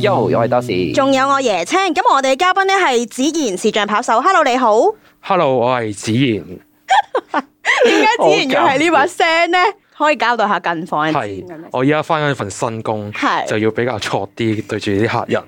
又，我係多士，仲、hmm. 有我椰青。今日我哋嘅嘉賓咧係子賢，視障跑手。Hello，你好。Hello，我係子賢。點解子賢要係呢把聲咧？可以交代下近況。係，我依家翻緊一份新工，係是就要比較挫啲對住啲客人。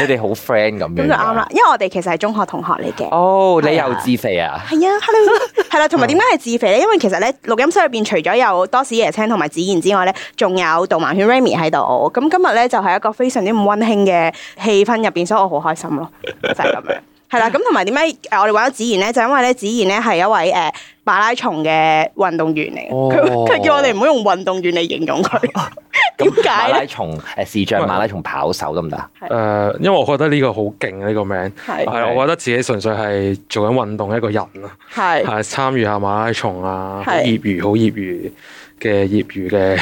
你哋好 friend 咁，咁就啱啦，因為我哋其實係中學同學嚟嘅。哦，你又自肥啊？係啊，hello，係啦。同埋點解係自肥咧？因為其實咧錄音室入邊除咗有多士椰青同埋子賢之外咧，仲有導盲犬 Remy 喺度。咁今日咧就係一個非常之唔温馨嘅氣氛入邊，所以我好開心咯，就係、是、咁樣。係啦，咁同埋點解誒我哋揾咗子賢咧？就是、因為咧子賢咧係一位誒馬拉松嘅運動員嚟嘅，佢佢、哦、叫我哋唔好用運動員嚟形容佢。點解、哦？馬拉松誒視障馬拉松跑手得唔得？誒，因為我覺得呢個好勁呢個名，係是我覺得自己純粹係做緊運動嘅一個人啊。係係參與下馬拉松啊，是業餘好業餘嘅業餘嘅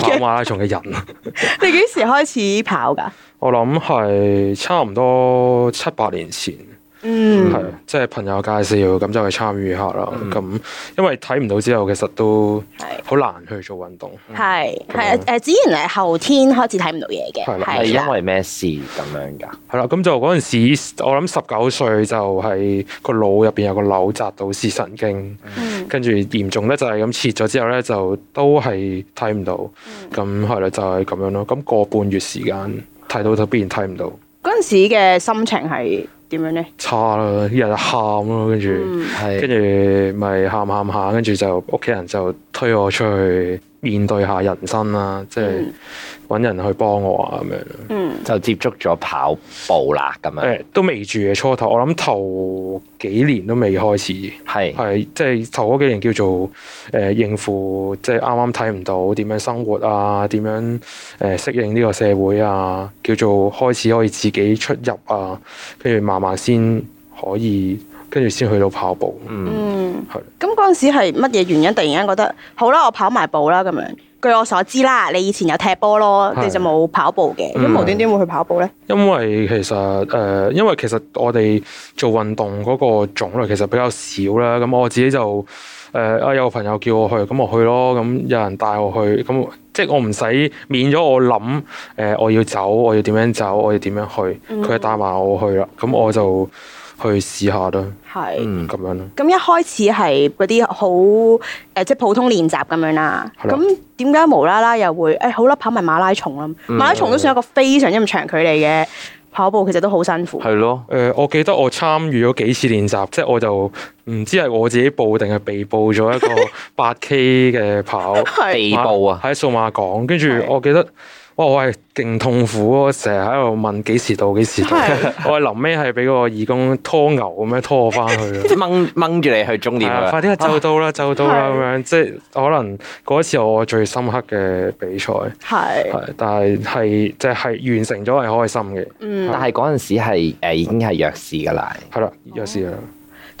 跑馬拉松嘅人。 你幾時開始跑噶？我諗係差唔多七八年前。嗯，係即係朋友介紹咁就去參與下啦。咁因為睇唔到之後，其實都好難去做運動。係係誒，子賢係後天開始睇唔到嘢嘅，係因為咩事咁樣噶？係啦，咁就嗰陣時，我諗十九歲就係個腦入邊有個瘤砸到視神經，跟住嚴重咧就係咁切咗之後咧就都係睇唔到。咁係啦，就係咁樣咯。咁個半月時間睇到就必然睇唔到，嗰陣時嘅心情係。點樣咧？差啦，日就喊咯，跟住，跟住咪喊喊喊，跟住就屋企人就推我出去面對下人生啦，即係。嗯揾人去幫我啊咁樣，嗯、就接觸咗跑步啦咁樣。誒、欸，都未住嘅初頭，我諗頭幾年都未開始，係係是即係頭幾年叫做誒、呃、應付，即係啱啱睇唔到點樣生活啊，點樣誒、呃、適應呢個社會啊，叫做開始可以自己出入啊，跟住慢慢先可以，跟住先去到跑步。嗯，係的。咁嗰陣時係乜嘢原因？突然間覺得好啦，我跑埋步啦咁樣。據我所知啦，你以前有踢波咯，是你就冇跑步嘅，咁無端端會去跑步呢？因為其實誒、呃，因為其實我哋做運動嗰個種類其實比較少啦。咁我自己就誒，啊、呃、有朋友叫我去，咁我去咯。咁有人帶我去，咁即係我唔使免咗我諗誒、呃，我要走，我要點樣走，我要點樣去，佢帶埋我去啦。咁我就。嗯去試下啦，係是嗯咁樣。咁一開始係嗰啲好誒，即係普通練習咁樣啦。咁點解無啦啦又會誒、哎、好啦，跑埋馬拉松啦？嗯、馬拉松都算一個非常之長距離嘅跑步，其實都好辛苦。係咯，誒，我記得我參與咗幾次練習，即係我就唔知係我自己報定係被報咗一個八 K 嘅跑步，被報啊，喺數碼港。跟住我記得。不過我係勁痛苦咯，成日喺度問幾時到，幾時到。時到 我係臨尾係俾嗰個義工拖牛咁樣拖我翻去，掹掹住你去終點快啲啦，就到啦，就到啦咁樣。即係可能嗰次我最深刻嘅比賽。係的。係。但係係即係完成咗係開心嘅。嗯。但係嗰陣時係已經係弱視㗎啦。係啦，弱視啦。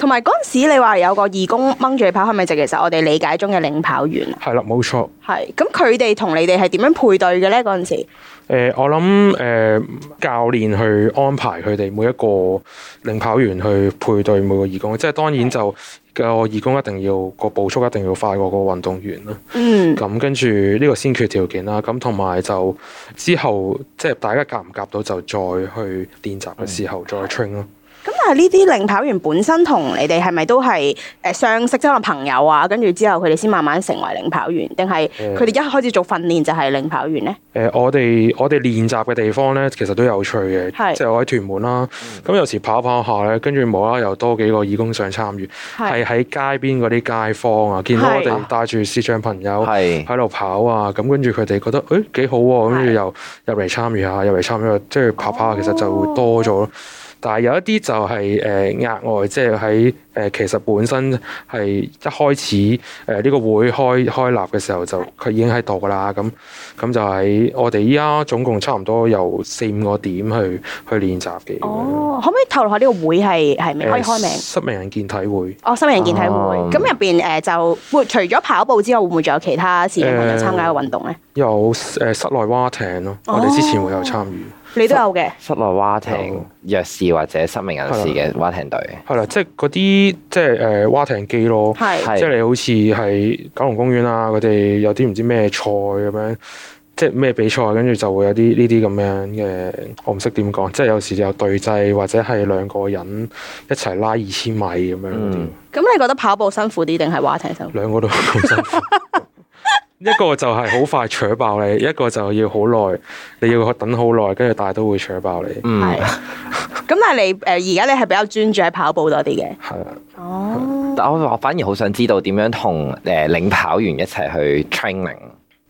同埋嗰陣時，你話有個義工掹住你跑，係咪就其實我哋理解中嘅領跑員啊？係啦，冇錯。係咁，佢哋同你哋係點樣配對嘅呢？嗰陣時，呃、我諗誒、呃、教練去安排佢哋每一個領跑員去配對每個義工，即係當然就個、嗯、義工一定要個步速一定要快過個運動員啦。嗯。咁跟住呢個先決條件啦，咁同埋就之後即係大家夾唔夾到，就再去練習嘅時候、嗯、再 train 咯。咁但係呢啲領跑員本身同你哋係咪都係誒相識，即係朋友啊？跟住之後佢哋先慢慢成為領跑員，定係佢哋一開始做訓練就係領跑員呢？誒、呃，我哋我哋練習嘅地方呢，其實都有趣嘅，是即係我喺屯門啦。咁、嗯嗯、有時跑跑下呢，跟住無啦啦又多幾個義工想參與，係喺是街邊嗰啲街坊啊，見到我哋帶住視障朋友係喺度跑啊，咁跟住佢哋覺得誒幾好喎，跟住又入嚟參與下，入嚟參與即係跑跑下，其實就會多咗。哦。但係有一啲就係誒額外，即係喺誒其實本身係一開始誒呢個會開開立嘅時候就佢已經喺度噶啦，咁咁就喺我哋依家總共差唔多有四五個點去去練習嘅。哦，可唔可以透露下呢個會係係咩？呃、可以開名？失明人健體會。哦，失明人健體會，咁入邊誒就除咗跑步之外，會唔會仲有其他市民朋友參加嘅運動咧、呃？有誒室內蛙艇咯，哦、我哋之前會有參與。你都有嘅室內划艇，弱視或者失明人士嘅划艇隊，係啦，即係嗰啲即係誒划艇機咯，係即係你好似係九龍公園啊，佢哋有啲唔知咩賽咁樣，即係咩比賽，跟住就會有啲呢啲咁樣嘅，我唔識點講，即係有時就對制或者係兩個人一齊拉二千米咁樣。咁你覺得跑步辛苦啲定係划艇辛苦？兩個都咁辛苦。 一個就係好快搶爆你，一個就要好耐，你要等好耐，跟住大都都會搶爆你。嗯，係 。咁但係你誒，而家你係比較專注喺跑步多啲嘅。係的。哦。但我,我反而好想知道點樣同呃領跑員一齊去 training。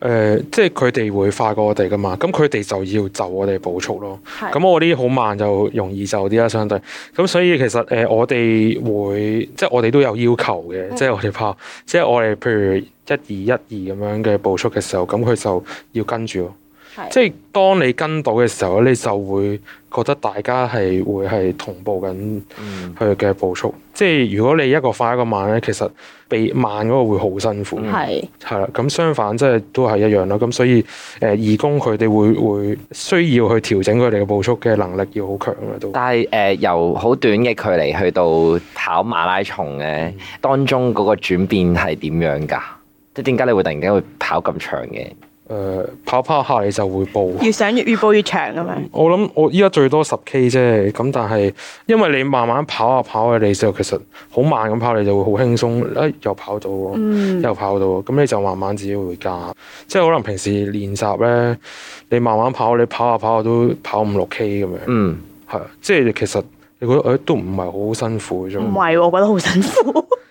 誒、呃，即係佢哋會快過我哋噶嘛，咁佢哋就要就我哋步速咯。咁是的 我啲好慢就容易就啲啦，相對。咁所以其實誒、呃，我哋會即係我哋都有要求嘅，是的 即係我哋怕，即係我哋譬如一二一二咁樣嘅步速嘅時候，咁佢就要跟住咯。即係當你跟到嘅時候咧，你就會覺得大家係會係同步緊佢嘅步速。嗯、即係如果你一個快一個慢咧，其實比慢嗰個會好辛苦。係係啦，咁相反即係都係一樣囉。咁所以誒、呃，義工佢哋會會需要去調整佢哋嘅步速嘅能力要好強嘅都。但係誒、呃，由好短嘅距離去到跑馬拉松嘅、嗯、當中嗰個轉變係點樣噶？即係點解你會突然間會跑咁長嘅？誒、呃，跑跑下你就會報，越想越越報越長咁樣。我諗我依家最多十 K 啫，咁但係因為你慢慢跑下跑下，你就其實好慢咁跑，你就會好輕鬆，誒又跑到，又跑到，咁、嗯、你就慢慢自己會加。即係可能平時練習咧，你慢慢跑，你跑下跑下都跑五六 K 咁樣。嗯，係，即係其實你覺得誒、哎、都唔係好辛苦嘅啫。唔係，我覺得好辛苦。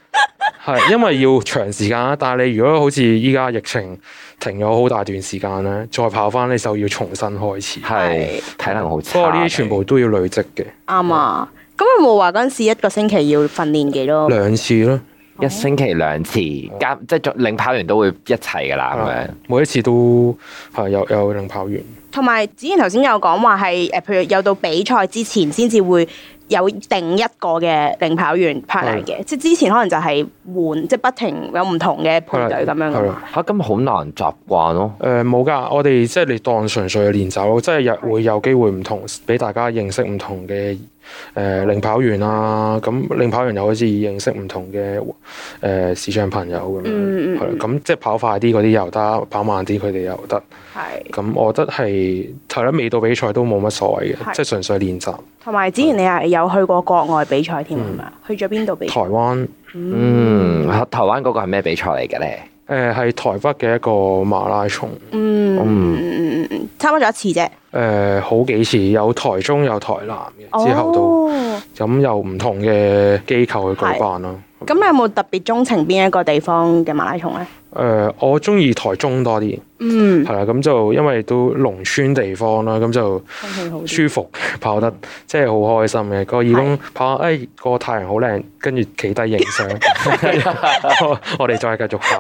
係，因為要長時間啊！但係你如果好似依家疫情停咗好大段時間咧，再跑翻你就要重新開始。係是，嗯、體能好差。不過呢啲全部都要累積嘅。啱啊！咁是有冇話嗰陣時一個星期要訓練幾多？兩次咯，Okay. 一星期兩次，加即係再領跑員都會一齊噶啦。每一次都係有有領跑員。同埋子賢頭先有講話係，誒，譬如有到比賽之前先至會。有定一個嘅領跑員 partner 嚟嘅，即係之前可能就係換，即、就、係、是、不停有唔同嘅配隊咁樣的。嚇、啊，咁好難習慣咯。誒、呃，冇㗎，我哋即係你當純粹練習咯，即係日會有機會唔同，俾大家認識唔同嘅。誒，領、呃、跑員啊，咁領跑員又好似認識唔同嘅誒、呃、視障朋友咁樣，係咁、嗯嗯嗯、即係跑快啲嗰啲又得，跑慢啲佢哋又得，係是，咁、嗯、我覺得係係咯，未到比賽都冇乜所謂嘅，是即係純粹練習。同埋，之前你係有去過國外比賽添啊？是嗯、去咗邊度比賽？台灣。嗯，台灣嗰個係咩比賽嚟嘅咧？誒、呃，係台北嘅一個馬拉松。嗯嗯嗯嗯嗯，參加咗一次啫。誒、呃，好幾次，有台中有台南嘅，之後都咁有唔同嘅機構去舉辦咯。咁你有冇特別鍾情邊一個地方嘅馬拉松咧？誒、呃，我中意台中多啲。嗯，係啦，咁就因為都農村地方啦，咁就舒服，跑得即係好開心嘅。個義工跑，哎，個太陽好靚，跟住企低影相。我哋再繼續跑，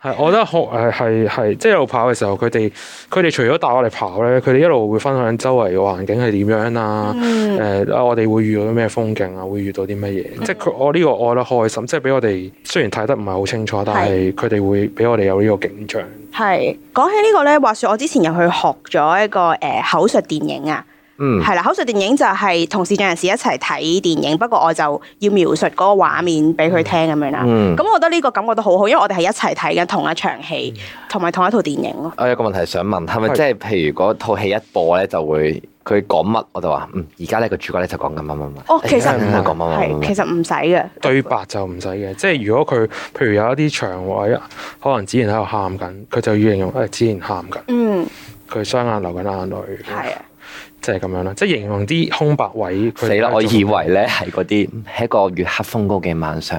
係，我覺得好係係係，即係一路跑嘅時候，佢哋佢哋除咗帶我哋跑咧，佢哋一路會分享周圍嘅環境係點樣啦。誒，我哋會遇到啲咩風景啊？會遇到啲乜嘢？即係佢我呢個覺得開心，即係俾我哋雖然睇得唔係好清楚，但係佢哋會俾我哋有呢個景象。係。講起呢個呢，話説我之前入去學咗一個誒、呃、口述電影啊。嗯，係啦，口述電影就係同視障人士一齊睇電影，不過我就要描述嗰個畫面俾佢聽咁樣啦。嗯，咁我覺得呢個感覺都好好，因為我哋係一齊睇緊同一場戲，同埋同一套電影咯。我有個問題想問，係咪即係譬如嗰套戲一播咧就會佢講乜我就話而家呢個主角咧就講緊乜乜乜？其實唔係講乜乜，其實唔使嘅。對白就唔使嘅，即係如果佢譬如有一啲場位可能子賢喺度喊緊，佢就要形容誒子賢喊緊。嗯，佢雙眼流緊眼淚。係啊。就係咁樣啦，即係形容啲空白位。死啦！我以為咧係嗰啲係一個月黑風高嘅晚上，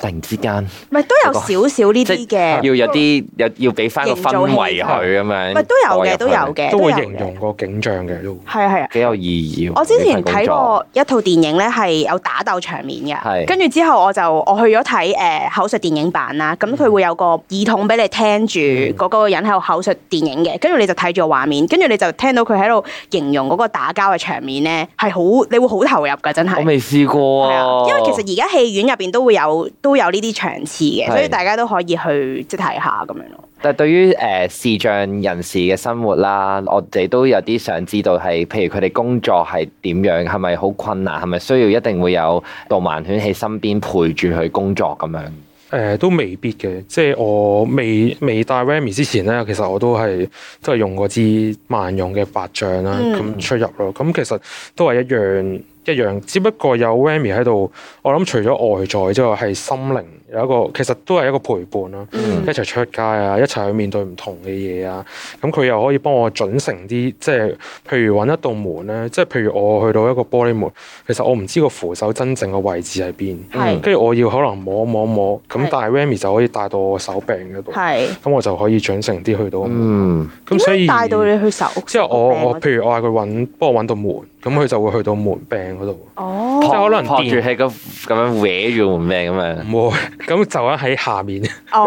突然之間唔係都有少少呢啲嘅，要有啲有要俾翻個氛圍佢咁樣，唔係都有嘅，都有嘅，都會形容個景象嘅，都係啊係啊，幾有意義。我之前睇過一套電影咧，係有打鬥場面嘅，跟住之後我就我去咗睇誒口述電影版啦。咁佢會有個耳筒俾你聽住嗰個人喺度口述電影嘅，跟住你就睇住畫面，跟住你就聽到佢喺度形容嗰個。打交嘅場面呢，係好你會好投入㗎，真係。我未試過、啊、因為其實而家戲院入邊都會有都有呢啲場次嘅，的所以大家都可以去即睇下咁樣咯。但係對於誒、呃、視像人士嘅生活啦，我哋都有啲想知道係，譬如佢哋工作係點樣，係咪好困難，係咪需要一定會有導盲犬喺身邊陪住佢工作咁樣。誒、呃、都未必嘅，即係我未未帶 Rammy 之前咧，其實我都係都係用嗰支萬用嘅白杖啦，咁、嗯、出入咯，咁其實都係一樣。一樣，只不過有 Rammy 喺度，我諗除咗外在之外，話係心靈有一個，其實都係一個陪伴啦、嗯。一齊出街啊，一齊去面對唔同嘅嘢啊。咁佢又可以幫我準成啲，即係譬如揾一道門咧，即係譬如我去到一個玻璃門，其實我唔知個扶手真正嘅位置喺邊，跟住是 我要可能摸摸摸咁，但係是 Rammy 就可以帶到我手柄嗰度。咁是 我就可以準成啲去到。咁是、嗯、所以帶到你去手屋。即係屋我我譬如我嗌佢揾，幫我揾到門。咁佢就會去到門柄嗰度，oh, 即係可能掂住喺咁咁樣歪住門柄咁啊！唔會什，咁就喺喺下面。哦、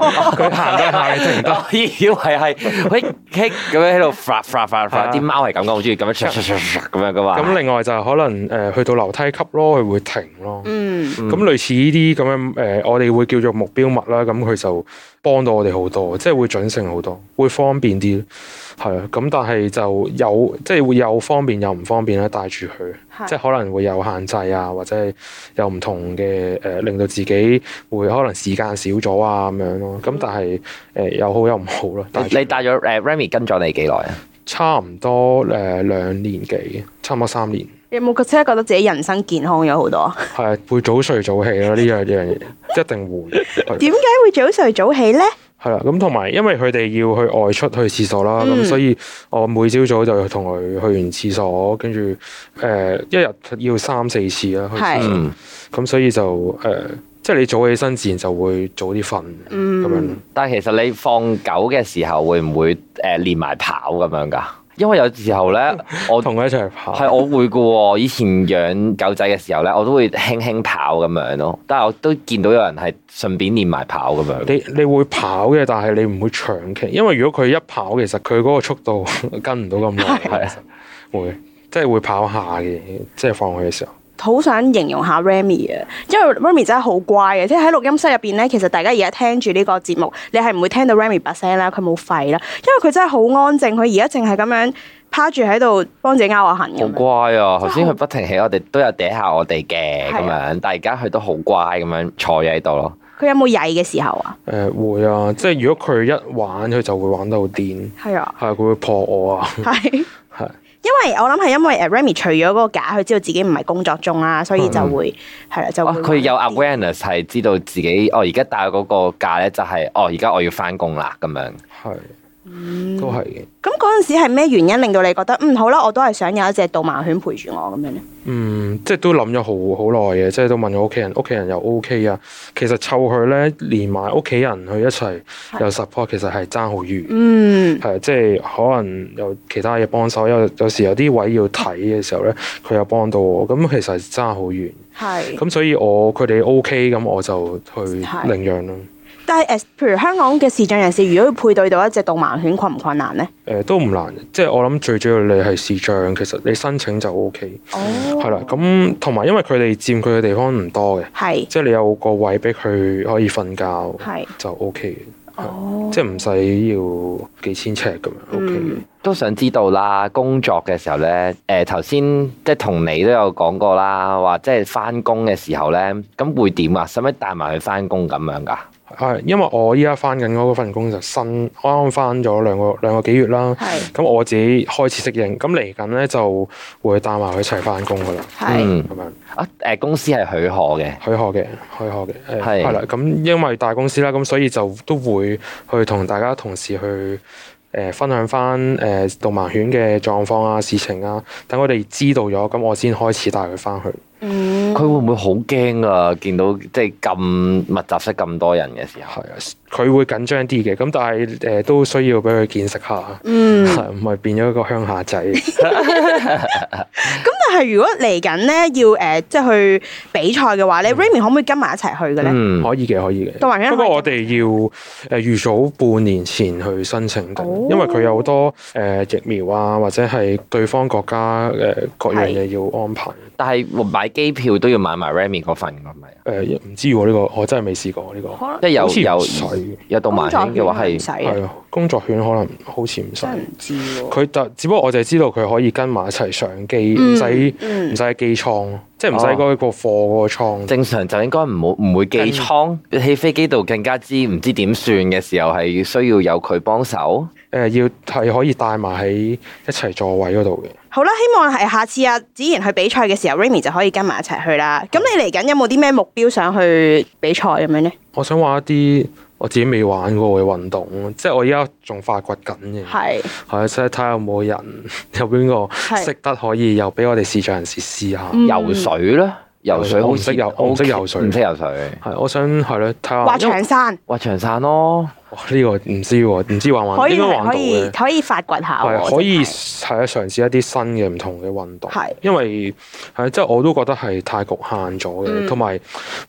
oh,，咁行得下嘅真係以為係喂 k i 咁樣喺度 flat 啲貓係咁嘅，好中意咁樣唰唰咁樣嘅嘛。咁另外就可能誒、呃、去到樓梯級咯，佢會停咯。嗯，咁類似呢啲咁樣誒，我哋會叫做目標物啦。咁佢就幫到我哋好多，即係會準繩好多，會方便啲。係啊，咁但係就有即係有方便又唔方便啦，帶住佢，是的 即係可能會有限制啊，或者係又唔同嘅誒、呃，令到自己會可能時間少咗啊咁樣咯。咁但係誒有好有唔好咯。但係你帶咗誒 Remy 跟咗你幾耐啊？差唔多誒兩年幾，差唔多三年。你有冇即係覺得自己人生健康咗好多啊？係 會早睡早起咯，呢樣呢樣嘢， 一定會。點解會早睡早起咧？係啦，咁同埋，因為佢哋要去外出去廁所啦，咁、嗯、所以我每朝早就同佢去完廁所，跟住誒一日要三四次啦。去廁所。咁所以就誒、呃，即係你早起身，自然就會早啲瞓。咁、嗯、樣。但係其實你放狗嘅時候，會唔會誒、呃、連埋跑咁樣㗎？因為有時候咧，我同佢一齊跑，係我會嘅喎。以前養狗仔嘅時候咧，我都會輕輕跑咁樣咯。但係我都見到有人係順便練埋跑咁樣。你你會跑嘅，但係你唔會長期，因為如果佢一跑，其實佢嗰個速度 跟唔到咁耐。係 是啊會，會即係會跑下嘅，即係放佢嘅時候。好想形容下 Remy 啊，因為 Remy 真係好乖嘅，即係喺錄音室入邊咧，其實大家而家聽住呢個節目，你係唔會聽到 Remy 把聲啦，佢冇吠啦，因為佢真係好安靜，佢而家淨係咁樣趴住喺度幫自己拗下痕。好乖啊！頭先佢不停喺我哋都有嗲下我哋嘅咁樣，但係而家佢都好乖咁樣坐喺度咯。佢有冇曳嘅時候啊？誒、呃、會啊，即係如果佢一玩，佢就會玩到好癲，係啊，係佢、啊、會撲我啊，係、啊。 因為我諗係因為誒 Remy 除咗嗰個假，佢知道自己唔係工作中啦，所以就會係啦、嗯，就佢、哦、有 awareness 係知道自己哦，而家戴嗰個假咧就係、是、哦，而家我要翻工啦咁樣。係。嗯、都係嘅。咁嗰陣時係咩原因令到你覺得，嗯，好啦，我都係想有一隻導盲犬陪住我咁樣咧？嗯，即係都諗咗好好耐嘅，即係都問咗屋企人，屋企人又 OK 啊。其實湊佢咧，連埋屋企人去一齊又 support，的其實係爭好遠。嗯，係即係可能有其他嘢幫手，有有時有啲位要睇嘅時候咧，佢又幫到我。咁其實爭好遠。係的。咁所以我佢哋 OK，咁我就去領養啦。的但係譬如香港嘅視障人士，如果要配對到一隻導盲犬，困唔困難呢？誒，都唔難即係我諗最主要你係視障，其實你申請就 O K。哦。係啦，咁同埋因為佢哋佔佢嘅地方唔多嘅，係。即係你有個位俾佢可以瞓覺，係就 O K。即係唔使要幾千尺咁樣 O K。嗯，OK。都想知道啦，工作嘅時候咧，誒頭先即係同你都有講過啦，話即係翻工嘅時候咧，咁會點啊？使唔使帶埋去翻工咁樣噶？係，因為我依家翻緊嗰份工就新，啱啱翻咗兩個兩個幾月啦。係是，咁我自己開始適應，咁嚟緊咧就會帶埋佢一齊翻工噶啦。係是，咁樣、嗯、啊？誒，公司係許可嘅，許可嘅，許可嘅。係是。係啦、嗯，咁因為大公司啦，咁所以就都會去同大家同事去誒、呃、分享翻誒導盲犬嘅狀況啊、事情啊，等我哋知道咗，咁我先開始帶佢翻去。嗯。佢會唔會好驚啊？見到即係咁密集式咁多人嘅時候，係啊，佢會緊張啲嘅。咁但係誒都需要俾佢見識下，嗯，唔係、啊、變咗一個鄉下仔。咁 但係如果嚟緊咧要誒即係去比賽嘅話，你、嗯、Remy 可唔可以跟埋一齊去嘅咧、嗯？可以嘅，可以嘅。不過我哋要誒預早半年前去申請，哦、因為佢有好多誒疫苗啊，或者係對方國家誒各樣嘢要安排。的但係買機票，都要買埋 Remy 嗰份咯，咪、呃？誒唔知呢、呢個，我真係未試過呢個。一、啊、有有導盲犬嘅話係，係啊，工作犬可能好似唔使。唔知佢特，只不過我就係知道佢可以跟埋一齊上機，唔使唔使機艙咯。即係唔使過去貨嗰個倉，哦、正常就應該唔好唔會寄倉。喺為飛機度更加知唔知點算嘅時候，係需要有佢幫手。誒，要係可以帶埋喺一齊座位嗰度嘅。好啦，希望係下次阿子賢去比賽嘅時候 Ramy 就可以跟埋一齊去啦。咁、嗯、你嚟緊有冇啲咩目標想去比賽咁樣呢？我想話一啲。我自己未玩過嘅運動，即係我依家仲發掘緊嘅，係係是，即係睇下有冇人 有邊個識得可以試試，又俾我哋視障人士試下游水咧，游水好識游，識游水唔識游水，係我想係咧睇下。滑長山，滑長山咯。呢個唔知喎，唔知玩唔玩，應該玩到可以發掘下，可以係啊嘗試一啲新嘅唔同嘅運動。因為係即係我都覺得係太局限咗嘅，同埋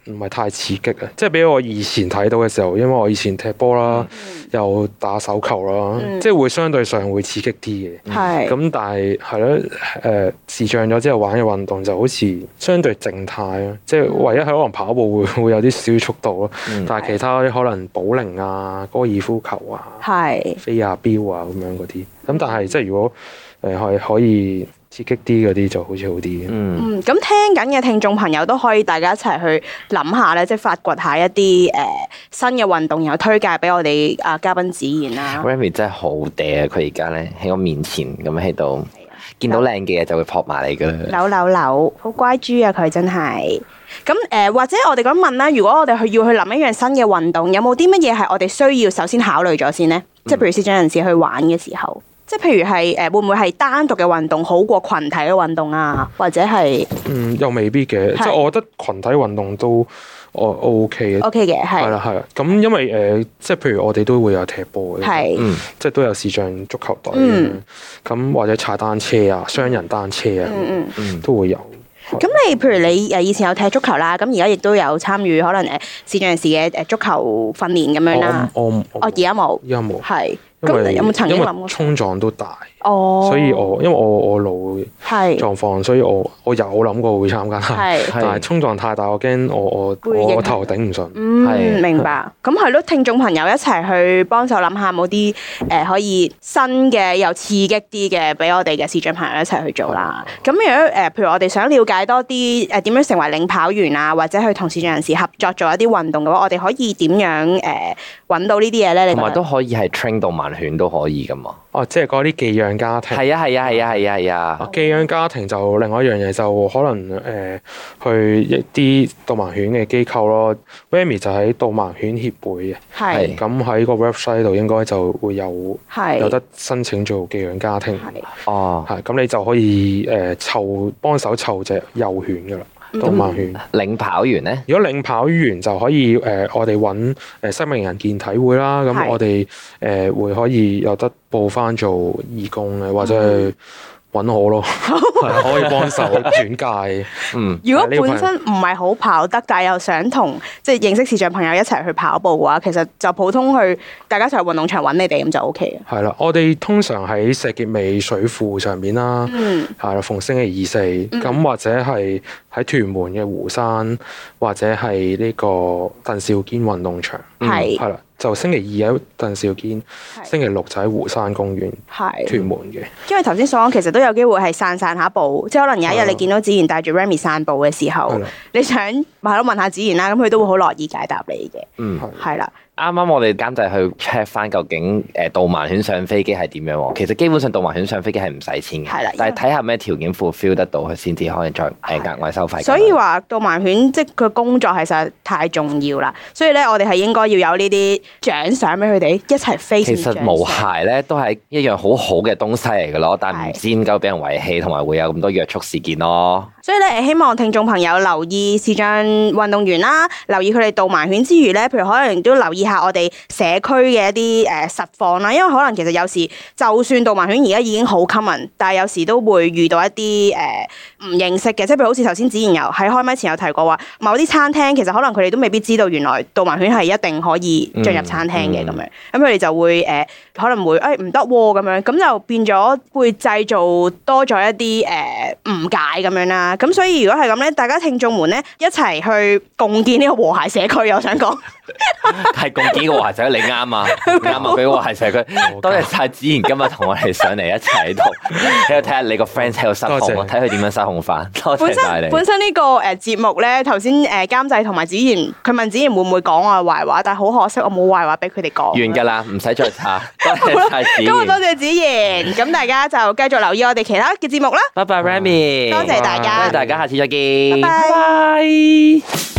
唔係太刺激啊！即係比我以前睇到嘅時候，因為我以前踢波啦，又打手球啦，即係會相對上會刺激啲嘅。係咁，但係係咯，誒，視障咗之後玩嘅運動就好似相對靜態咯，即係唯一可能跑步會會有啲少速度咯，但係其他啲可能保齡啊。高爾夫球啊，係是飛亞啊鏢啊咁樣嗰啲，咁但係即係如果誒係可以刺激啲嗰啲就好似好啲嘅。嗯，咁、嗯、聽緊嘅聽眾朋友都可以大家一齊去諗下咧，即、就、係、是、發掘一下一啲誒、呃、新嘅運動，然後推介俾我哋啊、呃、嘉賓子賢啦。Remy 真係好嗲啊！佢而家咧喺我面前咁喺度，的見到靚嘅嘢，就會撲埋嚟噶啦。扭扭扭，好乖豬啊！佢真係。咁誒、嗯，或者我哋咁問啦，如果我哋去要去諗一樣新嘅運動，有冇啲乜嘢係我哋需要首先考慮咗先呢？嗯、即係譬如視障人士去玩嘅時候，即係譬如係誒，會唔會係單獨嘅運動好過群體嘅運動啊？或者係嗯，又未必嘅，是 即係我覺得群體運動都、哦、OK 嘅，OK 嘅係啦係啦。咁、嗯、因為誒、呃，即係譬如我哋都會有踢波嘅，係是、嗯、即係都有視障足球隊，咁、嗯、或者踩單車啊，雙人單車啊、嗯，都會有。嗯嗯。咁你譬如你誒以前有踢足球啦，咁而家亦都有參與可能誒視障人士嘅誒足球訓練咁樣啦。我我而家冇，而家冇，係。咁你有冇曾經諗過，因為因為衝撞都大。哦，所以我因為我我腦狀況，所以我我有諗過會參加，但係衝撞太大，我驚我我我頭頂唔順。嗯，明白。咁係咯，聽眾朋友一齊去幫手諗下，冇啲誒可以新嘅又刺激啲嘅，俾我哋嘅視障朋友一齊去做啦。咁如果誒，譬如我哋想了解多啲誒，點樣成為領跑員啊，或者去同視障人士合作做一啲運動嘅話，我哋可以點樣誒搵到呢啲嘢咧？你同埋都可以係 train 導盲犬都可以噶嘛。哦，即係嗰啲寄養家庭。係啊係啊係啊係啊係啊！寄、啊啊啊啊、養家庭就另外一樣嘢，就可能誒、呃、去一啲導盲犬嘅機構咯。Mm hmm. Remy 就喺導盲犬協會嘅，係咁喺個 website 度應該就會有，係是有得申請做寄養家庭。是是哦，係咁你就可以誒湊幫手湊隻幼犬㗎喇。咁領跑員咧？嗯、如果領跑員就可以誒、呃，我哋揾誒失明人健體會啦。咁我哋誒是、呃、會可以有得報翻做義工咧，或者係。嗯搵我咯，係 可以幫手轉介。嗯， 如果本身唔係好跑得，嗯、但係又想同即係認識視障朋友一齊去跑步嘅話，其實就普通去大家一齊去運動場揾你哋咁就 O K 嘅。係啦，我哋通常喺石硤尾水庫上面啦，係啦、嗯，逢星期二四咁或者係喺屯門嘅湖山，或者係呢個鄧肇堅運動場，係係啦。嗯就星期二喺鄧肇堅，是星期六就喺湖山公園，是屯門嘅。因為頭先所講，其實都有機會係散散下步，即係可能有一日你見到子賢帶住 Remy 散步嘅時候，的你想係咯問下子賢啦，咁佢都會好樂意解答你嘅。嗯的，係啦的。啱啱我哋監製去 check 翻究竟，誒導盲犬上飛機係點樣？其實基本上導盲犬上飛機係唔使錢嘅，但係睇下咩條件符合得到，佢先至可以再係額外收費。所以話導盲犬即係佢工作係實在太重要啦，所以咧我哋係應該要有呢啲獎賞俾佢哋一齊飛。其實毛鞋咧都係一樣好好嘅東西嚟嘅咯，但係唔知點解俾人遺棄，同埋會有咁多約束事件咯。所以咧希望聽眾朋友留意視障運動員啦，留意佢哋導盲犬之餘咧，譬如可能都留意。係我哋社區嘅一啲誒、呃、實況啦，因為可能其實有時就算導盲犬而家已經好 common，但係有時都會遇到一啲誒。呃唔認識嘅，即係譬如好似頭先子賢又喺開麥前有提過話，某啲餐廳其實可能佢哋都未必知道，原來導盲犬係一定可以進入餐廳嘅咁樣，咁佢哋就會誒可能會誒唔得喎咁樣，咁就變咗會製造多咗一啲誒誤解咁樣啦。咁所以如果係咁咧，大家聽眾們咧一齊去共建呢個和諧社區，我想講係共建個和諧社區，你啱啊，你啱啊，畀個和諧社區。多謝曬子賢今日同我哋上嚟一齊喺度，睇下睇下你個 friend 喺度失控，睇佢點樣失控。同多謝本身呢、這個誒節、呃、目呢，頭先誒監製同埋子賢，佢、呃、問子賢會唔會講我嘅壞話，但係好可惜我壞，我冇壞話俾佢哋講。完㗎喇，唔使再查。咁我多謝子賢，咁大家就繼續留意我哋其他嘅節目啦。拜拜，Remy，多謝大家， 大家下次再見。拜拜。